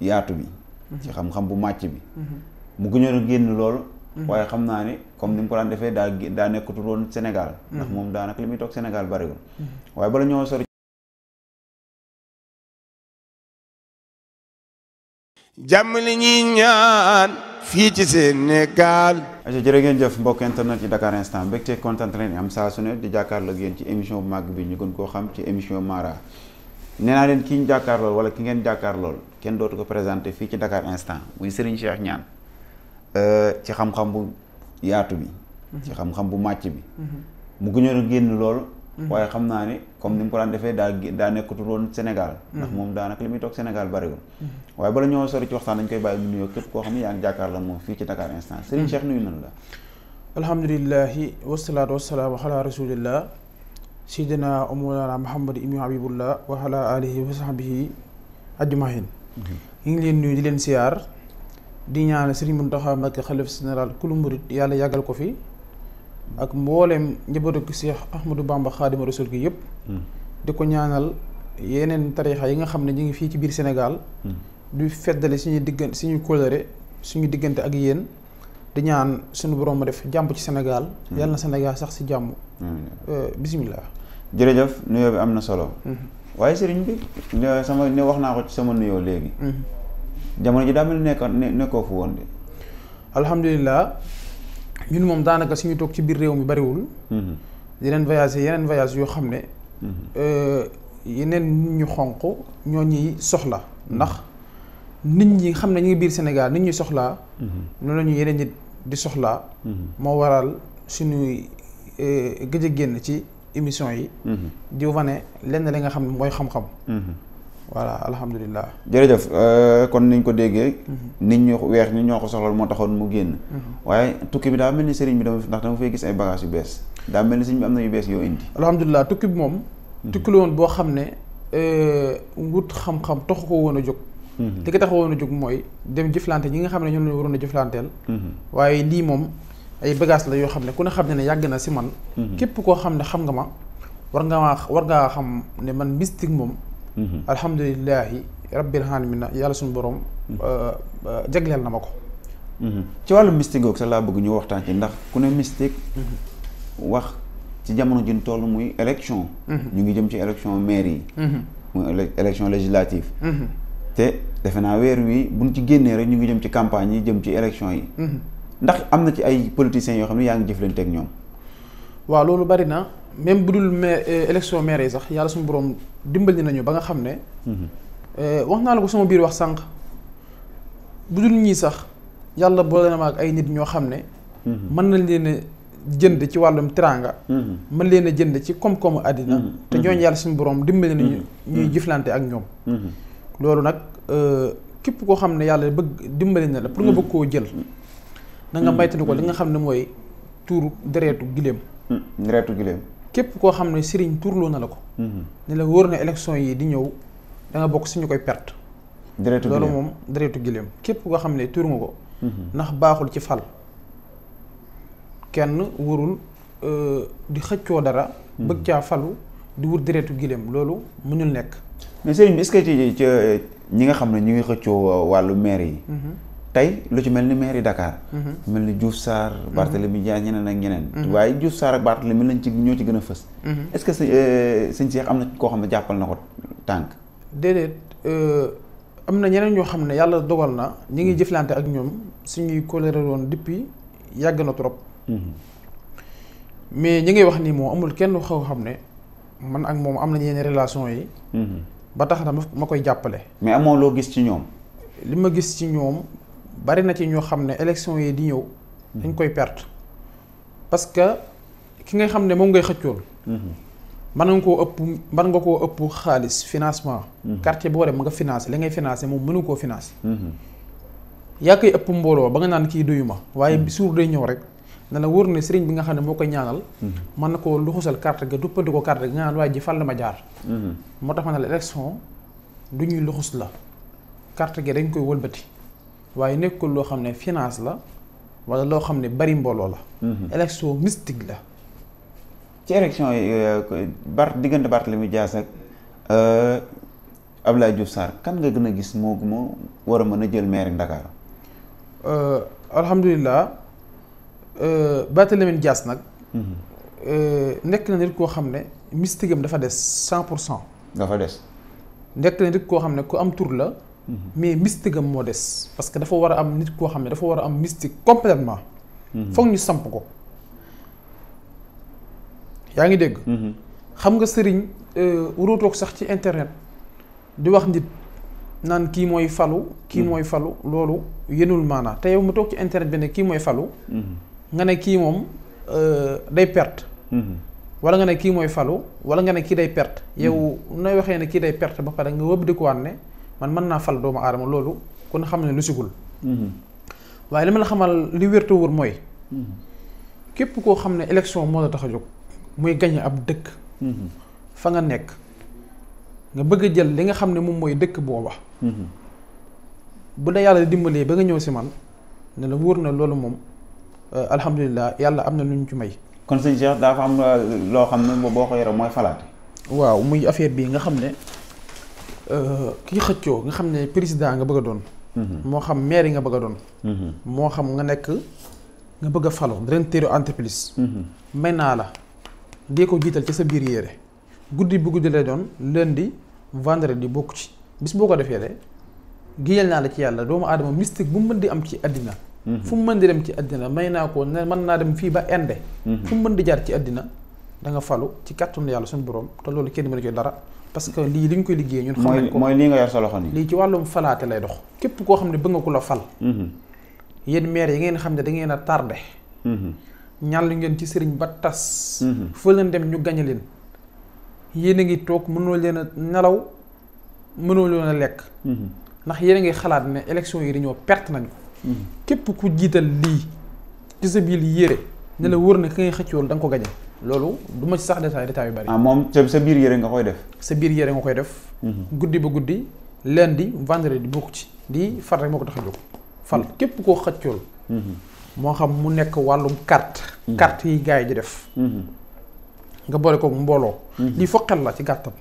yaatu bi ci mhm. xam-xam bu màcc bi mhm. mu gëñoon a génn loolu mhm. waaye xam naa ne comme ni mu ko daan defee daa daa nekkatul woon Sénégal ndax moom daanaka li muy toog Sénégal bariwul waaye bala ñoo sori jàmm li ñuy ñaan fii ci Sénégal aca jërë ngeen jëf mbokk internet yi Dakar Instant mbégte kontaan leen am saa su ne di jàkkaarloo ak yéen ci émission bu mag bi ñu gën koo xam ci émission Mara nee naa leen ki ñu jàkkaar lool wala ki ngeen jàkkaar lool kenn dootu ko présenté fii ci Dakar instant muy Serigne Cheikh Niane euh, ci xam-xam bu yaatu bi ci xam-xam bu màcc bi mu gëñoon a génn loolu waaye xam naa ni comme ni mu ko daan defee daa daa nekkatul woon Sénégal ndax moom daanaka li muy toog Sénégal bariwul waaye bala ñoo sori ci waxtaan dañ koy bàyyi mu nuyoo képp koo xam ne yaa ngi jàkkaar la moom fii ci Dakar instant Serigne Cheikh nuyu nañu la alhamdulilahi wasalaatu wasalaamu ala rasulillah سيدنا ومولانا muhammad إمام حبيب wa ala alihi wa sahbihi mhm. ñu ngi len nuyu di len siar di ñaan Serigne Mountakha mak khalif general kul murid yalla yagal ko fi ak mbooleem njabootu Cheikh Ahmadou Bamba khadim Rasuul gi yëpp mhm. di ko ñaanal yenen tarixa yi nga xamne ñi ngi fi ci bir senegal mhm. du feddale suñu diggante suñu kóllëre suñu diggante ak yeen di ñaan suñu borom def jamm ci senegal yalla senegal sax euh, bismillah jërëjëf nuyoo bi am na solo. Mm-hmm. waaye sëriñ bi sama ne wax naa ko ci sama nuyoo léegi. Mm-hmm. jamono ji daa mel ne nekkoo fu woon de. alhamdulilah ñun moom daanaka suñu toog ci biir réew mi bariwul. Mm-hmm. yeneen voyage yeneen voyage yoo xam ne. Euh, yeneen ñu xonq ñoo ñuy soxla ndax nit ñi xam ne ñu ngi biir senegal nit ñi soxlaa. noonu la ñu yeneen di soxlaa. moo waral suñuy euh, gëj génn ci. émission yi. Mhm. di wane lenn li nga xam ne mooy xam-xam. Mhm. voilà alhamdulilah. jërëjëf euh, kon niñ ko déggee. Mhm. nit ñu weex ñi ñoo ko soxla moo taxoon mu génn. waaye tukki bi daa mel ni sëriñ bi dama ndax dama fay gis ay bagages yu bees daa mel ni sëriñ bi am na yu bees yoo indi. alhamdulilah tukki bi moom. tukki la woon boo xam ne euh, wut xam-xam taxu ko woon a jóg. li tax woon a jóg mooy dem jëflante ñi nga xam ne ñoom la ñu waroon a jëflanteel. waaye lii moom ay bagas la yo xamne ne ku ne xam ne na ci man. kep ko xamne xam nga ma war nga war nga xam ne man mystique mom alhamdullilah rabbil alamin yàlla sun borom. jagleel na mako ci walu mystique googu sa la bëgg ñu waxtaan ci ndax ku ne mystique. wax ci jamono ji ñu toll muy élection. ñu ngi jëm ci élection maire yi. muy élection législative. te defena wër wi buñ ci génné rek ñu ngi jëm ci campagne yi jëm ci élection yi. ndax am na ci ay politiciens yoo xam ne yaa ngi jëflante ak ñoom. waaw loolu bari na même bu dul ma euh, élection maire yi sax yàlla suñu borom dimbali nañu ba nga xam ne. Mhm. Euh, wax naa la ko sama biir wax sànq bu dul ñii sax yàlla boole na ma ak ay nit ñoo xam ne. Mhm. mën nañ leen jënd ci wàllum teraanga. Mhm. mën leen a jënd ci koom àddina. te ñooñu suñu borom dimbali nañu ñuy jëflante ak ñoom. loolu nag euh, képp koo xam ne yàlla bëgg dimbali na la pour nga bëgg koo jël. na nga hmm. ko li nga hmm. xam ne mooy tuur deretu gileem. Hmm. deretu gileem. képp koo xam ne sëriñ turloo na la ko. ne la wóor na élection yi di ñëw da nga bokk suñu koy perte. deretu loolu moom deretu giléem képp koo xam ne tuur nga ko. ndax baaxul ci fal. kenn warul euh, di xëccoo dara. bëgg caa falu di wut deretu gileem loolu mënul nekk. mais sëriñ bi est-ce que ci ñi nga xam ne ñu ngi xëccoo wàllu maire yi. tey lu ci mel ni mairie Dakar. Mhm. mel ni Diouf Sarr. Mhm. Barthélemy Dias ñeneen ak ñeneen. Mhm. waaye Diouf Sarr ak Barthélemy lañ ci ñoo ci gën a fës. est-ce que sëñ euh, koo xam ne jàppal na ko tànk. déedéet euh, am na ñeneen ñoo xam ne yàlla dogal na ñi ngi jëflante ak ñoom suñuy colère woon depuis yàgg na trop. mais ñi ngay wax nii moom amul kenn xaw xam ne man ak moom am na yenn relation yi. ba tax na ma koy jàppale. mais amoo loo gis ci ñoom. li ma gis ci ñoom. bari na ci ñoo xam ne élection yi di ñëw dañ koy perte parce que ki nga xam ne moom ngay xëccoon mm-hmm. mën nga koo ëpp mën nga koo ëpp xaalis financement mm-hmm. quartier boo dem nga finance li ngay finance moom mënu koo financé mm-hmm. yaa koy ëpp mbooloo ba nga naan kii doyu ma waaye suur day ñëw rek na la wóor ne sëriñ bi nga xam ne moo koy ñaanal mën na koo luxusal carte ga duppandi ko carte ga nga naan waaye ji fan la ma jaar moo tax ma ne la du ñuy luxus la carte gi dañ koy wëlbati waaye nekkul loo xam ne finance la wala loo xam ne bari mbooloo la. élection mystique la. ci élection yi Bart diggante Barthélémy Dias ak Abdoulaye Diouf Sarr kan nga gën a gis moo moo war a mën a jël maire Dakar. alhamdulilah Barthélémy Dias nag. nekk na nit koo xam ne mystique am dafa des cent pour cent. dafa des. nekk na nit koo xam ne ku am tur la. Mm-hmm. mais mystique am moo des parce que dafa war a am nit koo xam ne dafa war a am mystique complètement mm-hmm. foog ñu samp ko yaa ngi dégg mm-hmm. xam nga sëriñ euh, wróotoog sax ci internet di wax nit naan kii mooy falu kii mooy falu loolu yenul maanaa te yow mu toog ci internet bi ne kii mooy falu nga ne kii moom euh, day perte wala nga ne kii mooy falu wala nga ne kii day perte yow nooy waxee ne kii day perte ba pare nga wëb dikuwaat ne man mën naa fal doomu aadama loolu kon xam ne lu sigul mhm. waaye li ma la xamal li wér wur mooy mhm. képp koo xam ne élection moo la tax a jóg muy gañe ab dëkk mhm. fa nga nekk nga bëgg a jël li nga xam ne moom mooy dëkk booba bu la yàlla dimbalee ba nga ñëw si man ne la wóor na loolu moom euh, alhamdulilah yàlla am na lu ñu ci may kon sëñ Cheikh dafa am euh, loo xam ne boo ko yoree mooy falaat waaw muy affaire bii nga xam ne kii xëccoo nga xam ne président nga bëgg a doon. Mhm. moo xam maire nga bëgg a doon. Mhm. moo xam nga nekk nga bëgg a falu directeur entreprise. Mhm. may naa la dee ko jiital ci sa biir yére guddi bu guddi lay doon lundi vendredi bokk ci bis boo ko defee de géyal naa la ci yàlla doomu aadama mystique bu mu mën di am ci àddina fu mu mën di dem ci àddina may naa ko ne mën naa dem fii ba Inde. fu mu mën di jaar ci àddina da nga falu ci kàttanu yàlla suñu borom te loolu kenn mënu dara. parce que lii li ñu koy liggéey ñun xam nañ ko mooy lii nga yor sa loxo nii lii ci wàllum falaate lay dox képp koo xam ne bëgg nga ko la fal mm-hmm. yéen maire yi ngeen xam ne da a tardé mm-hmm. ñàll ngeen ci sëriñ ba tas mm-hmm. fa dem ñu gañe leen yéen a ngi toog mënoo leen a nelaw mënoo leen lekk ndax yéen a ngi xalaat ne élection yi dañoo perte nañ ko képp ku jiital lii ci sa biir yére ne la wóor na ki ngay xëccool da nga ko gañe loolu du ma ci sax détail détail yu bari. ah moom sa biir yére nga koy def. sa biir yére nga koy def. Mhm. guddi ba guddi lundi vendredi bokk ci. di far rek moo ko tax a jóg fal mhm. képp koo xëccool. Mhm. moo xam mu nekk wàllum carte. carte yi gars yi di def. nga boole ko mbooloo. lii foqet la ci gàttal.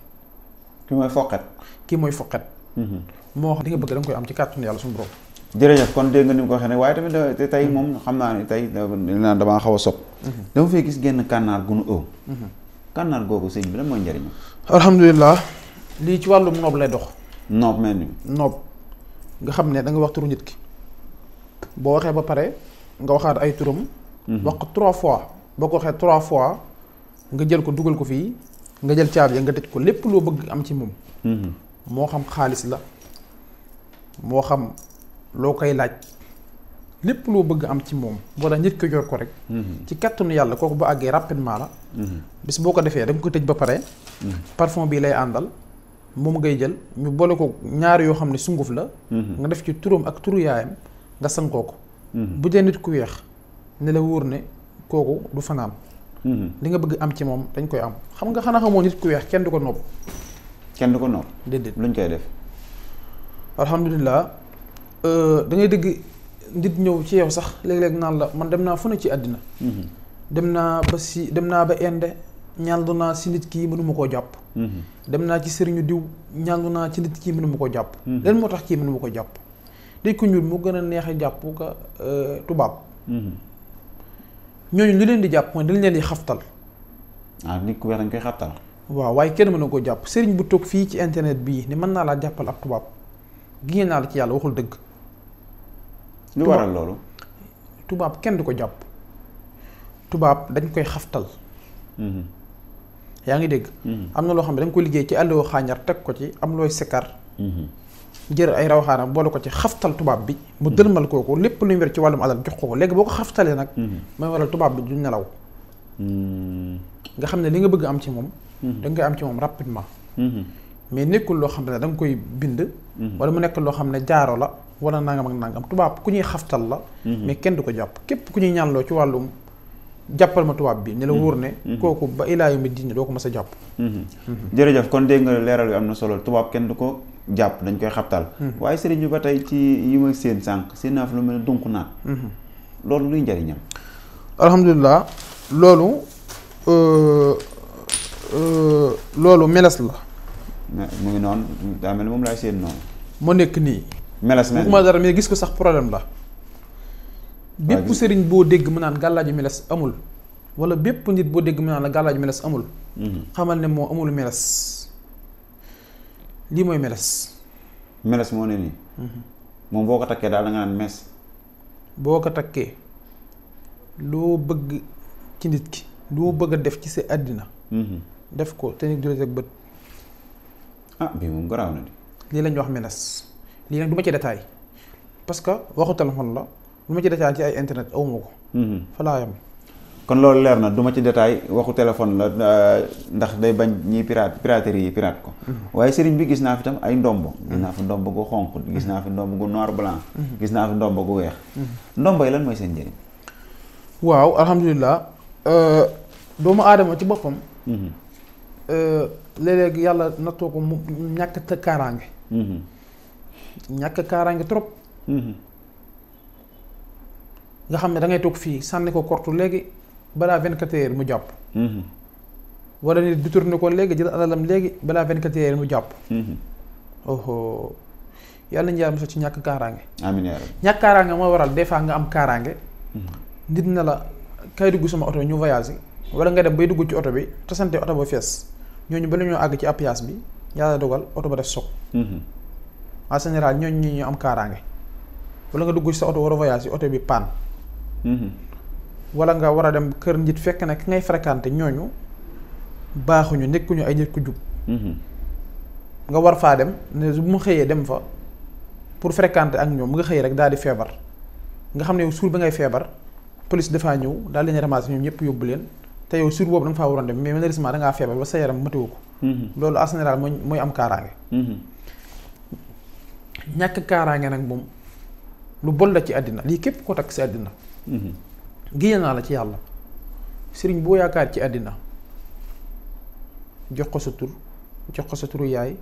ki mooy foqet. ki mooy foqet. moo xam li nga bëgg da nga koy am ci kàttan yàlla suñu borom. jërëjëf kon dégg ni mu ko waxee ne waaye tamit eh, tey moom xam naa ne tey eh, dama xaw a sob dama fee gis genn kànnaar gu nu ëw mhm. kànnaar googu sëñ bi lan mooy njariñ alhamdulilah lii ci wàllum noob lay dox. noob mel ni. nga xam ne da nga wax turu nit ki boo waxee ba pare nga waxaat ay turam. Mhm. wax trois fois boo ko waxee trois fois nga jël ko dugal ko fii nga jël caabi nga tëj ko lépp loo bëgg am ci moom. Mhm. moo xam xaalis la moo xam loo koy laaj. lépp loo bëgg am ci moom wala nit ko yor ko rek. Mhm. ci kattanu yàlla kooku bu àggee rapidement la. Mhm. bis boo ko defee da ko tëj ba pare. Mhm. parfum bii lay àndal moom ngay jël ñu boole ko ñaar yoo xam ne sunguf la. nga def ci turam ak turu yaayam nga sankoo ko. bu dee nit ku weex ne la ne kooku du fanaan. li nga bëgg am ci moom dañ koy am xam nga xanaa xamoo nit ku weex kenn du ko nopp. kenn du ko nopp. déedéet luñ koy def. alhamdulilah euh, da dégg. nit ñëw ci yow sax léeg-léeg naan la man dem naa fu ne ci àddina mhm. dem naa ba si dem naa ba Inde ñaandu naa si nit kii mënuma koo jàpp mhm. dem naa ci sëriñu diw ñaandu naa ci nit kii mënuma koo jàpp mhm. leen moo tax kii mënuma ko jàpp nit ku ñuul mu gën a neex a jàpp ka euh, tubaab ñooñu li leen di jàpp mooy dañ leen di xaftal ah nit ku weex dañ koy xaftal waaw waaye kenn mënu koo jàpp sëriñ bu toog fii ci internet bii ni mën naa laa jàppal ab tubaab gi naa la ci yàlla waxul dëgg lu waral loolu. tubaab kenn du ko jàpp. tubaab dañ koy xaftal. Mhm. yaa ngi dégg. Mhm. am na loo xam ne da nga ko liggéey ci àlluwa xaañar teg ko ci am looy sikkar. Mhm. jër ay rawaxaanam boole ko ci xaftal tubaab bi. mu dëlmal kooku lépp lu ñu wér ci wàllum alal jox ko ko léegi boo ko xaftalee nag. mooy waral tubaab bi du nelaw. Mm. nga xam ne li nga bëgg am ci moom. da koy am ci moom rapidement. mais nekkul loo xam ne da koy bind. wala mu nekk loo xam ne jaaro la. wala nangam ak nangam tubaab ku ñuy xaftal la. Mhm. mais kenn du ko jàpp képp ku ñuy ñaanloo ci wàllu jàppal ma tubaab bi. ne la mhm. wóor ne. Mhm. kooku ba ilaa yu mi diine doo ko mës a jàpp. jërëjëf kon dégg nga leeral bi am na solo tubaab kenn du ko jàpp dañ koy xaftal. waaye sëriñ ba tey ci yi ma seen sànq seen naaf lu mel ne dunku naat. loolu luy njëriñam. alhamdulilah loolu. Euh, euh, loolu meles la. mu ngi noon daa mel moom laay seen noonu. mu nekk nii. meles nañ ma dara gis ko sax problème la. bépp sëriñ boo dégg mu naan gàllaaju meles amul. wala bépp nit boo dégg mu naan la gàllaaju mhm. ne moo amul meles. lii mooy meles. meles moo ne nii. Mhm. moom boo ko takkee daal da naan mes. boo ko takkee loo bëgg ci nit ki loo bëgg def ci sa àddina. Mhm. def ko te nit du rek bët. ah bii moom garaaw na de. lii lañ wax meles. lii nag du ma ci détail parce que waxu téléphone la du ma ci détail ci ay internet aw ma ko. fa laa yam kon loolu leer na du ma ci détail waxu téléphone la ndax day bañ ñiy pirate piraterie yi pirate ko. waaye sëriñ bi gis naa fi tam ay ndombo. gis naa fi ndombo gu xonq gis naa fi ndombo gu noir blanc. gis naa fi ndombo gu weex. ndombo yi lan mooy seen njëriñ. waaw alhamdulilah doomu aadama ci boppam. léeg-léeg yàlla nattoo ko mu ñàkk a kaaraange. ñàkk kaaraange trop. Mhm. nga xam ne da ngay toog fii sànni ko kortu léegi balaa vingt mu jàpp. Mhm. wala nit bi tourné ko léegi jël alalam léegi balaa vingt mu jàpp. Mhm. oho yàlla nañu yàlla ci ñàkk kaaraange. amiin yaa ñàkk kaaraange moo waral des fois nga am kaaraange. nit na la kay dugg sama oto ñu voyage wala nga dem bay dugg ci oto bi te sante oto ba fees ñooñu ba ñoo àgg ci appuyage bi yàlla dogal oto ba def soog. en général ñooñu ñi ñu am kaaraange wala nga dugg ci sa oto war a voyage yi oto bi panne. Mhm. wala nga war a dem kër nit fekk na ki ngay fréquenté ñooñu baaxuñu nekkuñu ay nit ku jub. Mhm. nga war faa dem ne bu mu xëyee dem fa pour fréquenter ak ñoom mu nga xëy rek daal di feebar nga xam ne yow suur bi ngay feebar police dafaa ñëw daal leen ramasser ñoom ñëpp yóbbu leen te yow suur boobu da faa waroon dem mais malheureusement da ngaa feebar ba sa yaram matewu ko. Mhm. mooy am kaaraange. ñàkk kaaraange nag moom lu bon la ci àddina lii képp ko takk si àddina mhm. génn la ci yàlla sëriñ boo yaakaar ci àddina jox ko sa tur jox ko sa turu yaay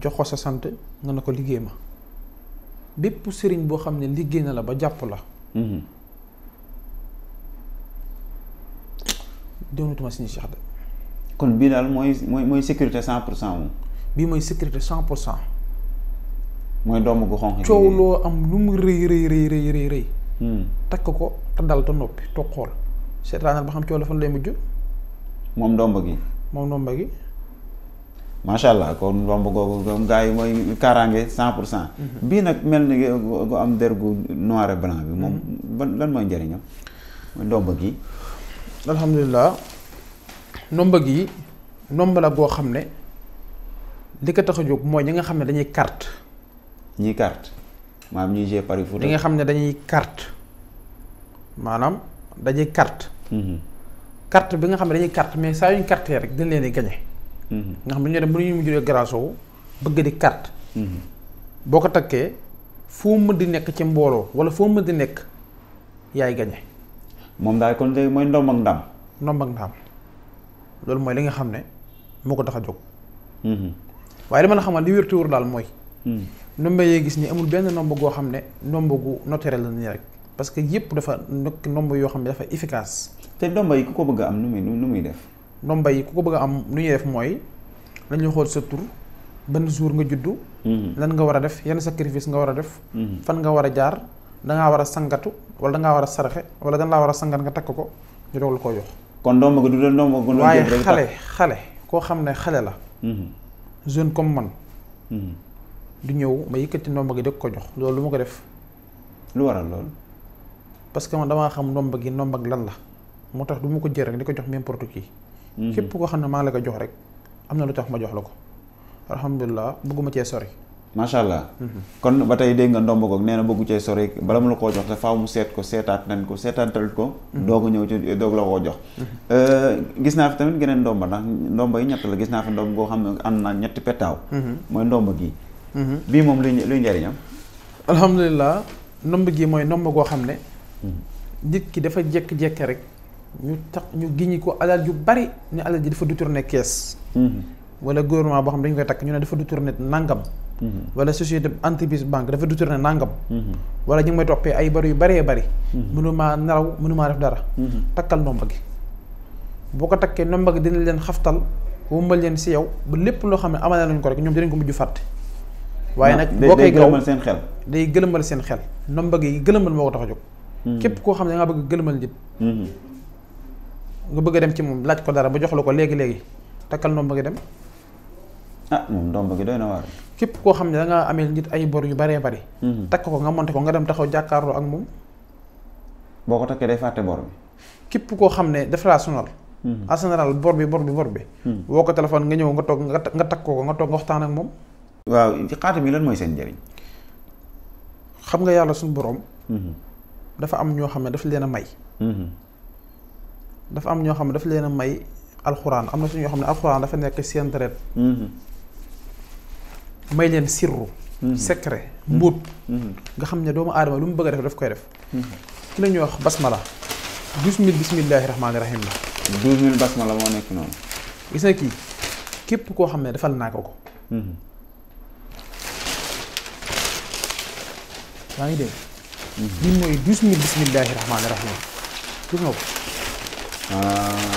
jox ko sa sant nga ne ko liggéey ma bépp sëriñ boo xam ne liggéey na la ba jàpp la mhm. doonatuma suñu seex de kon bii daal mooy mooy mooy sécurité cent pour cent moom bii mooy sécurité cent pour cent mooy doomu gu xonq coow loo am lu mu rëy rëy rëy hmm. takk ko te dal te noppi toog xool seetaanal ba xam coow la fan lay mujj moom ndomb gi moom ndomb gi macha allah ndomb googu doom yi mooy kaaraange cent pour cent mhm. bii mel ni am der gu noir et moom mhm. lan mooy njariñam mooy ndomb gi alhamdulilah nomb gi ndomb la goo xam ne li ko tax a jóg mooy ñi nga xam ne dañuy carte ñii carte maanaam ñuy jouer pari nga xam ne dañuy carte maanaam dañuy carte. Mm-hmm. carte bi nga xam ne dañuy carte mais saa yuñ carte rek dañ leen di gagné. Mm-hmm. nga xam ne ñoo dem mënuñu mujj a garaaso bëgg di carte. Mm-hmm. boo ko takkee foo mën di nekk ci mbooloo wala foo mën di nekk yaay gagné. moom daal kon léegi mooy ndomb ak ndam. ndomb ak ndam loolu mooy li nga xam ne moo ko tax a jóg. waaye li ma la xamal li wér te daal mooy. Mm. nombre yee gis ni amul benn nombre goo xam ne nombre gu notaire la nii rek parce que yëpp dafa nekk nombre yoo xam ne dafa efficace. te nombre yi ku ko bëgg am nu muy nu muy def. nombre yi ku ko bëgg am nu ñuy def mooy dañuy xool sa tur ban jour nga juddu. Mm-hmm. lan nga war a def yan sacrifice nga war a def. Mm-hmm. fan nga war a jaar da ngaa war a sangatu wala da ngaa war a saraxe wala da ngaa war a sangat nga takk ko ñu doog la koo jox. kon ndomb du doon ndomb waaye xale xale koo xam ne xale la. Mm-hmm. jeune comme man. du ñëw ma yëkkati ndomba gi di ko jox loolu lu ma ko def. lu waral loolu. parce que man damaa xam ndomba gi ndomba ak lan la moo tax du ma ko jël rek di ko jox n'importe qui. Mhm. képp koo xam ne maa la ko jox rek am na lu tax ma jox la ko. alhamdulilah bëgguma cee sori. macha allah. Mhm. kon ba tey dégg nga ndomb goog nee na bëggu cee sori bala mu la koo jox te faw mu seet ko seetaat nañ ko seetaatal ko. Mhm. doog ñëw ci doog la koo jox. Euh, gis naa fi tamit geneen ndomba ndax ndomba yi ñett la gis naa fi goo xam ne am na ñetti petaaw. bii moom luy luy njëriñam. alhamdulilah nomb gi mooy nomb goo xam ne. Hmm. nit ki dafa jékki-jékki rek ñu tax ñu giñi ko alal yu bari ne alal ji dafa détourné kees. Hmm. wala gouvernement boo xam ne dañu koy takk ñu ne dafa détourné nangam. Hmm. wala société entreprise banque dafa détourné nangam. wala ñu ngi may toppee ay bari yu baree bari. mënumaa nelaw mënumaa def dara. takkal nomba gi. boo ko takkee nomba gi dina leen xaftal wëmbal leen si yow ba lépp loo xam ne amale nañ ko rek ñoom dinañ ko mujj fàtte. waaye nak boo koy gëlëmal seen xel day gëlëmal seen xel nom bëgg yi gëlëmal moo ko tax a jóg hmm. képp koo xam ne da ngaa bëgg gëlëmal nit hmm. nga bëgg dem ci moom laaj ko dara ba jox la ko léegi-léegi takkal dem ah moom ndomba gi doy na waar képp koo xam ne da ngaa amee nit ay bor yu baree bari hmm. takk ko nga monte ko nga dem taxaw jàkkaarloo ak moom boo ko takkee day fàtte bor bi képp koo xam ne dafa laa en général bor bi bor bi bor bi woo ko téléphone nga ñëw nga toog nga takk ko nga toog nga waxtaan ak moom waaw xaatim yi lan mooy seen njëriñ. xam nga yàlla suñu borom. dafa am ñoo xam ne daf leen a may. dafa am ñoo xam ne daf leen a may alxuraan am na suñu ñoo xam ne alxuraan dafa nekk seen deret. may leen sirru. secret mbuut. nga xam ne doomu aadama lu mu bëgg a def daf koy def. ki la ñuy wax basmala. douze mille bismillahi rahmaani rahim la. douze mille basmala moo nekk noonu. gis na kii képp koo xam ne defal naa ko ko. yaa ngi dégg. bii mooy douze mille bismillahi rahmaani rahim. gis nga ko. Ah.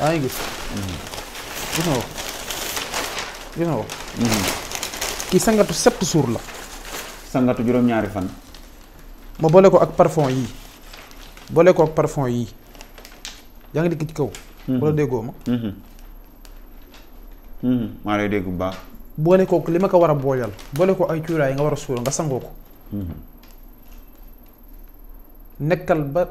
yaa ngi gis. gis nga ko. Mm-hmm. kii sangatu sept jours la. sangatu juróom-ñaari fan. ma boole ko ak parfum yii. boole ko ak parfum yii. yaa ngi ci kaw. Mm-hmm. wala déggoo ma. Mm-hmm. maa lay dégg bu baax. boole kook li ma ko war a booleel boole ko ay cuuraay yi nga war a suul nga sangoo ko mm-hmm. nekkal ba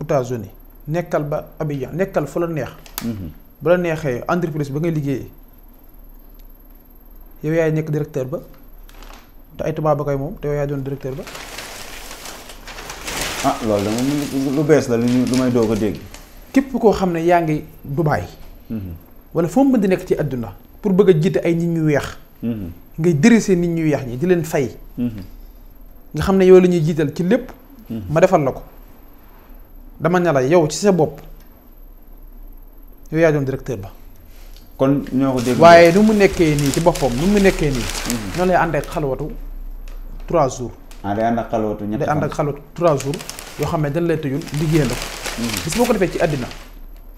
États-Unis nekkal ba Abidjan nekkal fu la neex mm-hmm. bu la neexee entreprise ba ngay liggéeyee yow yaay nekk directeur ba te ay tubaab ba koy moom te yow yaay doon directeur ba ah loolu dama lu bees la lu may doo a dégg képp koo xam ne yaa ngi Dubaay mm-hmm. wala foo mën di nekk ci àdduna pour bëgg a jiite ay nit ñu weex. Mhm. ngay dresser nit ñu weex ñi di leen fay. Mhm. nga xam ne yow lañuy jiital ci lépp. Mhm. ma defal la ko dama ne yow ci sa bopp yow yaa doon directeur ba. kon ñoo ko dégg waaye nu mu nekkee nii ci boppam nu mu nekkee nii. noonu lay ànd ak xalwatu trois jours. ah day ànd ak xalwatu ñetti ànd ak xalwatu trois jours yoo xam ne dañ lay tëjul liggéeyandoo. bis boo ko defee ci àddina.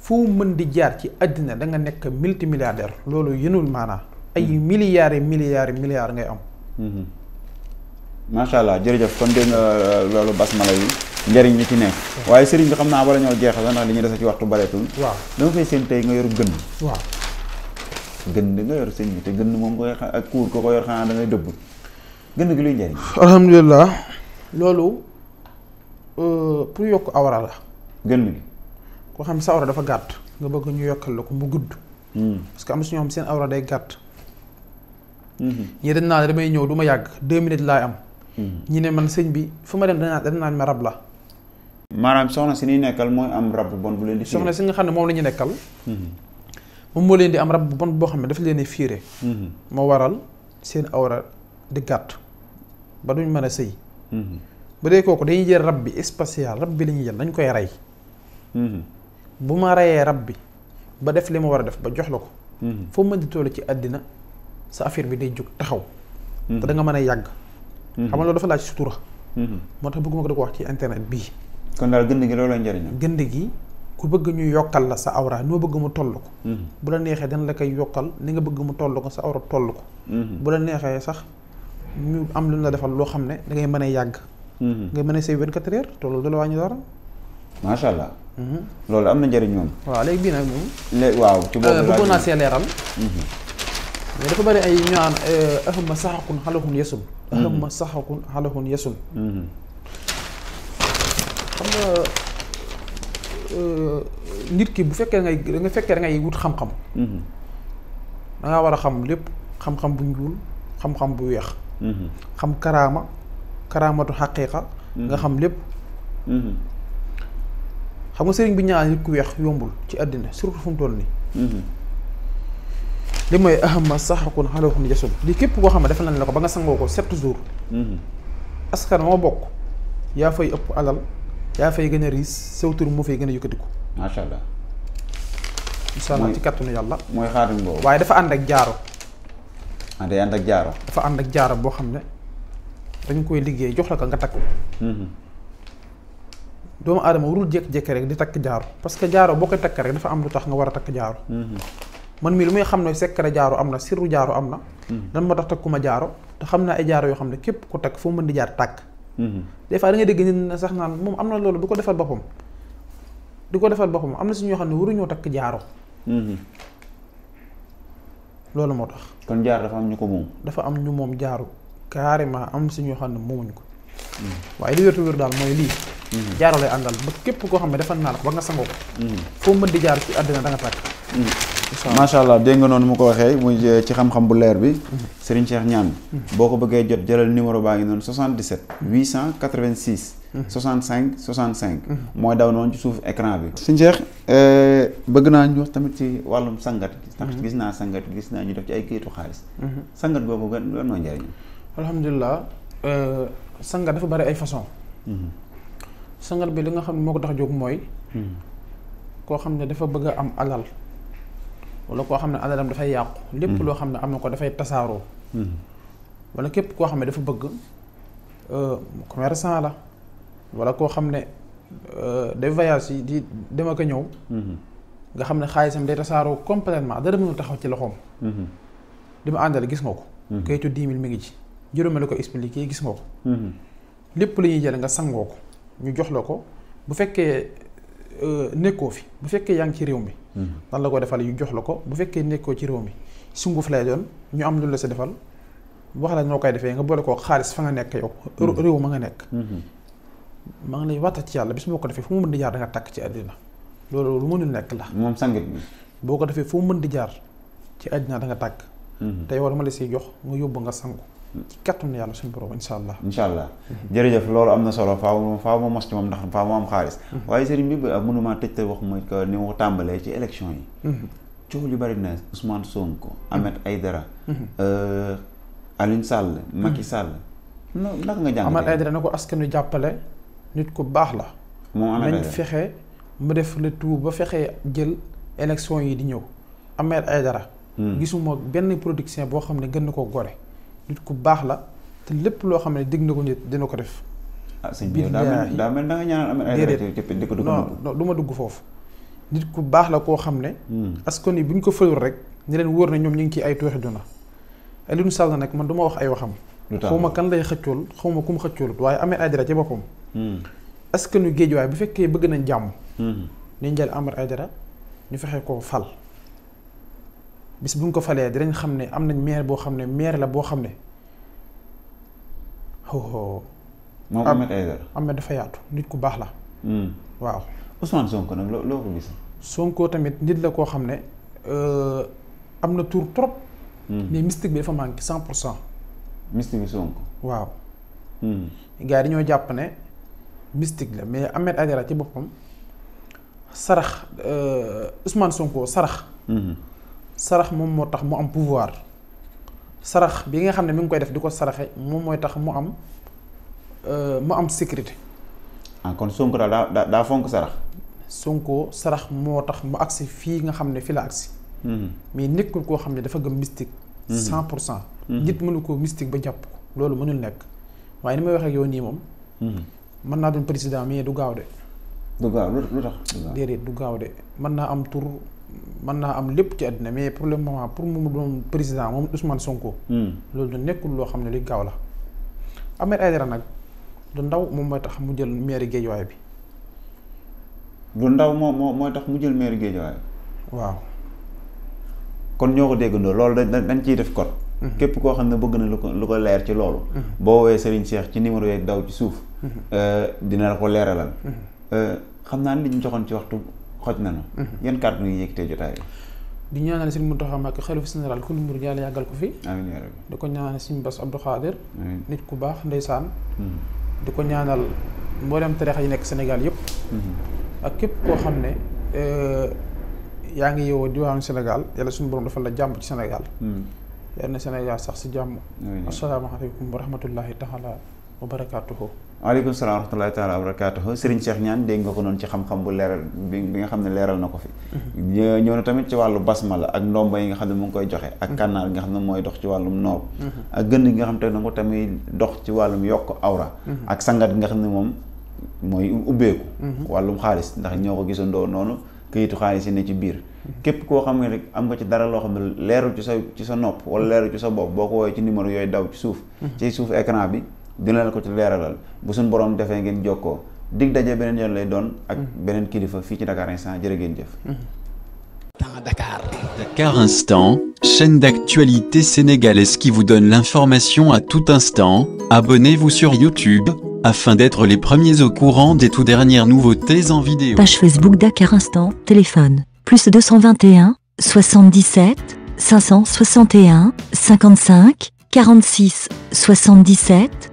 foo mën di jaar ci àddina da nga nekk multimilliardaire loolu yënul maanaa ay mhm. milliards milliards milliards ngay am. Mhm. macha allah jërëjëf kon dégg nga euh, loolu basmala yi njëriñ li ci nekk. waaye sëriñ bi xam naa wala ñoo jeexal ndax li ñu dese ci waxtu bareetul. waaw dama fay seen tey nga yor gën. waaw gën nga yor sëñ bi te gën moom koy ak kuur ko ko yor xanaa da ngay dëbb gën gi luy njëriñ. alhamdulilah loolu euh, pour yokk awra la. gën gi. koo xam ne sa awra dafa gàtt nga bëgg ñu yokkal la ko mu gudd. Hmm. parce que am na su ñoo xam seen awra day gàtt. Hmm. ñii dañ naan damay ñëw du ma yàgg deux minutes laay am. Hmm. ñi ne man sëñ bi fu ma dem dañ naan naa naan ma rab la. maanaam soxna si ñuy nekkal mooy am rab bu leen di. soxna si nga xam ne moom la ñu nekkal. moom moo leen di am rab bu bon boo xam ne dafa leen di fiire. moo waral seen awra di gàtt ba duñ mën a sëy. bu dee kooku dañuy jël rab bi spécial rab bi la ñuy jël dañ koy rey. bu ma reyee rab bi ba def li ma war a def ba jox la ko. foo mën di toll ci àddina sa affaire bi day jóg taxaw. te da nga mën a yàgg. xam nga loolu dafa laaj sutura. moo tax bëgguma ko di ko wax ci internet bii. kon daal gënd gi loolu la njëriñam. gënd gi ku bëgg ñu yokkal la sa awra noo bëgg mu toll ko. bu la neexee dana la koy yokkal ni nga bëgg mu toll ko sa awra toll ko. bu la neexee sax ñu am lu la defal loo xam ne da ngay mën a yàgg. nga mën a say 24 heures te loolu du la wàññi dara. macha allah. Mm-hmm. loolu am na njëriñ ñoom. waaw léegi bii nag moom. léegi waaw ci boobu euh, laa bëggoon leeral. Mm-hmm. mais dafa bari ay ñaan euh, ahuma saxakun xalakun yesul. Mm-hmm. ahuma saxakun xalakun xam nga euh, nit ki bu fekkee ngay da fekkee dangay wut xam-xam. da war a xam lépp xam-xam bu ñuul xam-xam bu weex. xam karaama karaamatu xaqiiqa. nga xam lépp. xam nga sëriñ bi ñaanal nit ku weex yombul ci àddina surtout fu mu toll nii. Mhm. li mooy ahama saxakun xalawxun jasum lii képp koo xam ne defal nañ la ko ba nga sangoo ko sept jours. Mhm. askan moo bokk yaa fay ëpp alal yaa fay gën a riis sewtur moo fay gën a yëkkatiku. macha allah. incha allah ci kàttanu yàlla. mooy xaatim boobu waaye dafa ànd ak jaaro. ah day ak jaaro. dafa ànd ak jaaro boo xam ne dañ koy liggéey jox la ko nga takk. Mhm. doomu aadama warul jékki jekk rek di takk jaaro parce que jaaro boo koy takk rek dafa am lu tax nga war a takk jaaro mm-hmm. man mii lu may xam ne secret jaaro am na sirru jaaro am na dan mm-hmm. ma tax takkuma jaaro te xam naa ay jaaro yoo xam ne képp ku takk foo mën di jaar tàkk mm-hmm. des fois da nga sax naan moom am na loolu du ko defal boppam di ko defal boppam am na si ñoo xam ne waruñoo takk jaaro loolu moo tax kon jaar dafa am ñu ko moom dafa am ñu moom jaaru carrément am si ñoo xam ne moomuñu ko waaye li wér-wér daal mooy lii Mm-hmm. jaaroo lay àndal ba képp koo xam ne defal naa la ko ba nga sangoo ko. Mm-hmm. foo mën di jaar ci àddina da nga tàkk. macha allah dégg nga noonu mu ko waxee muy eh, ci xam-xam bu leer bi mm-hmm. Serigne Cheikh Niane boo ko bëggee jot jëlal numéro baa ngi noonu 77 886 65 65 mooy daw noonu suuf écran bi Serigne Cheikh eh, bëgg naa ñu wax tamit ci wàllum sangat ndax gis naa sangat gis naa ñu def ci ay kayitu xaalis sangat boobu gan lan mooy njëriñam alhamdulilah eh, sangat dafa bari ay façon sangar bi li nga xam ne moo ko tax jóg mooy hmm. koo xam ne dafa bëgg am alal wala koo xam ne alalam dafay yàqu hmm. lépp loo xam ne am na ko dafay tasaaroo hmm. wala képp koo xam ne dafa bëgg euh, commerçant la wala koo xam ne euh, de voyage yi di dem ak a ñëw nga xam ne xaalisam day tasaaroo complètement dara mënul taxaw ci loxoom li ma àndal gis nga ko kayitu dix mille mi ngi ci juróome la ko expliqué gis nga ko lépp lu ñuy jël nga sangoo ko ñu jox la ko bu fekkee euh, nekkoo fi bu fekkee yaa ngi ci réew mi. Hmm. nan la ko defal ñu jox la ko bu fekkee nekkoo ci réew mi sunguf lay doon ñu am lu la sa defal wax la ñoo koy defee nga boole koo xaalis fa nga nekk yow. Hmm. réew ma nga nekk. Hmm. maa ngi lay ci yàlla bis moo ko defee mu mën di jaar da nga takk ci àddina loolu lu mënul nekk la. moom sàngat bi. boo ko defee foo mu mën di jaar ci àddina da nga tàkk. te yow dama la si jox nga yóbbu nga sangu. ci kattanu yàlla suñu borom incha allah. incha allah mhm. jërëjëf loolu am na solo faaw ma faaw ma mos ci moom ndax faaw ma am xaalis. Mhm. waaye sëriñ bi mënuma tëj te wax mooy que ni ma ko tàmbalee ci élection yi. Mhm. coow li bari na Ousmane Sonko. Ahmed Aydara. Euh, Alioune Sall. Macky Sall. non naka nga jàng Ahmed Aydara na ko askan wi jàppale nit ku baax la. moom Ahmed Aydara nañ mu def tout ba fexe jël élection yi di ñëw Ahmed Aydara. Hmm. gisuma benn producteur boo xam ne gën na ko gore. nit ku baax la te lépp loo xam ne digg na ko nit dina ko def. ah sëñ bi daa mel daa mel da nga ñaanal am ay déedéet di ko dugg non non du ma dugg foofu. nit ku baax la koo xam ne. askan wi bu ñu ko fëyul rek. ñu leen wóor ne ñoom ñu ngi ciy ay tooxi duna. Alioune Sall nag man du ma wax ay waxam. xaw ma kan lay xëccool xaw ma ku mu xëccoolut waaye Ahmed Aïdara ci boppam. askan wi géej waaye bu fekkee bëgg nañ jàmm. ñu jël Ahmed Aïdara ñu fexe ko fal. bis buñ ko falee dinañ xam ne am nañ maire boo xam ne maire la boo xam ne ho moom Ahmed Aidara Ahmed dafa yaatu nit ku baax la. waaw Ousmane Sonko nag loo loo ko gis. Sonko tamit nit la koo xam ne am na tour trop. mais mystique bi dafa manqué cent pour cent. mystique bi Sonko. waaw. gars yi dañoo jàpp ne mystique la mais Ahmed Aidara ci boppam sarax Ousmane Sonko sarax. sarax moom moo tax mu am pouvoir sarax bi nga xam ne mi ngi koy def di ko saraxe moom mooy tax mu am mu am sécurité. ah kon Sonko daal daa daa fonk sarax. Sonko sarax moo tax mu agsi fii nga xam ne fii la agsi. mais nekkul koo xam ne dafa gëm mystique. cent pour cent. nit mënu ko mystique ba jàpp ko loolu mënul nekk waaye ni may wax ak yow nii moom. mën naa doon président mais du gaaw de. du gaaw tax déedéet du gaaw de mën naa am tur mën naa am lépp ci àddina mais pour le moment pour mu doon président moom Ousmane Sonko. Hmm. loolu nekkul loo xam ne li gaaw la. Ahmed Aïdara nag du ndaw moom mooy tax mu jël mairie Guédiawaye bi. du ndaw moom moo tax mu jël mairie Guédiawaye. waaw. kon ñoo ko déggandoo loolu dañ dañ ciy def code. Hmm. képp koo xam ne bëgg na lu ko lu ko leer ci loolu. Hmm. boo woowee Serigne Cheikh ci numéro yeeg daw ci suuf. Euh, dina la ko leeralal. xam naa ni liñ joxoon ci waxtu xoj nañu. Mhm. yan kàddu yi yëkkatee jotaay bi. di ñaanal Sëriñ Muntaxa Mbàkke xalifa général ku murid yàlla yàggal ko fi. amiin di ko ñaanal Sëriñ Bass Abdou Khadir. nit ku baax ndeysaan. Mhm. di ko ñaanal mboolem tereex yi nekk Sénégal yëpp. Mhm. ak képp koo xam ne euh, yaa ngi yow diwaanu Sénégal yàlla suñu borom dafa la jàmm ci Sénégal. yàlla na Sénégal sax si jàmm. asalaamaaleykum wa rahmatullahi taala wa barakaatuhu. waaleykum salaam wa rahmatullahi taala wa barakatuhu Serigne Cheikh ñaan dégg nga ko noonu ci xam-xam bu leeral bi bi nga xam ne leeral na ko fi mhm. ñëw tamit ci wàllu basmala ak ndomba yi nga xam ne mu ngi koy joxe ak mhm. kànnaar bi nga xam ne mooy dox ci wàllum noob mhm. ak gën gi nga xam te ne ko tamit dox ci wàllum yokk awra ak sangat bi nga xam ne moom mooy ubbeeku wàllum xaalis ndax ñoo ko gisandoo noonu kayitu xaalis yi ne ci biir képp koo xam ne rek am nga ci dara loo xam ne leerul ci sa ci sa nopp wala leerul ci sa bopp boo ko woowee ci numéro yooyu daw ci suuf ci suuf écran bi ko bu borom dig lay ak mhm. kilifa ci Dakar Instant jërë ngeen jëf mhm. Dakar. Dakar Instant, chaîne d'actualité sénégalaise qui vous donne l'information à tout instant. Abonnez-vous sur YouTube afin d'être les premiers au courant des tout dernières nouveautés en vidéo. Page Facebook Dakar Instant, téléphone, plus 221, 77, 561, 55, 46, 77,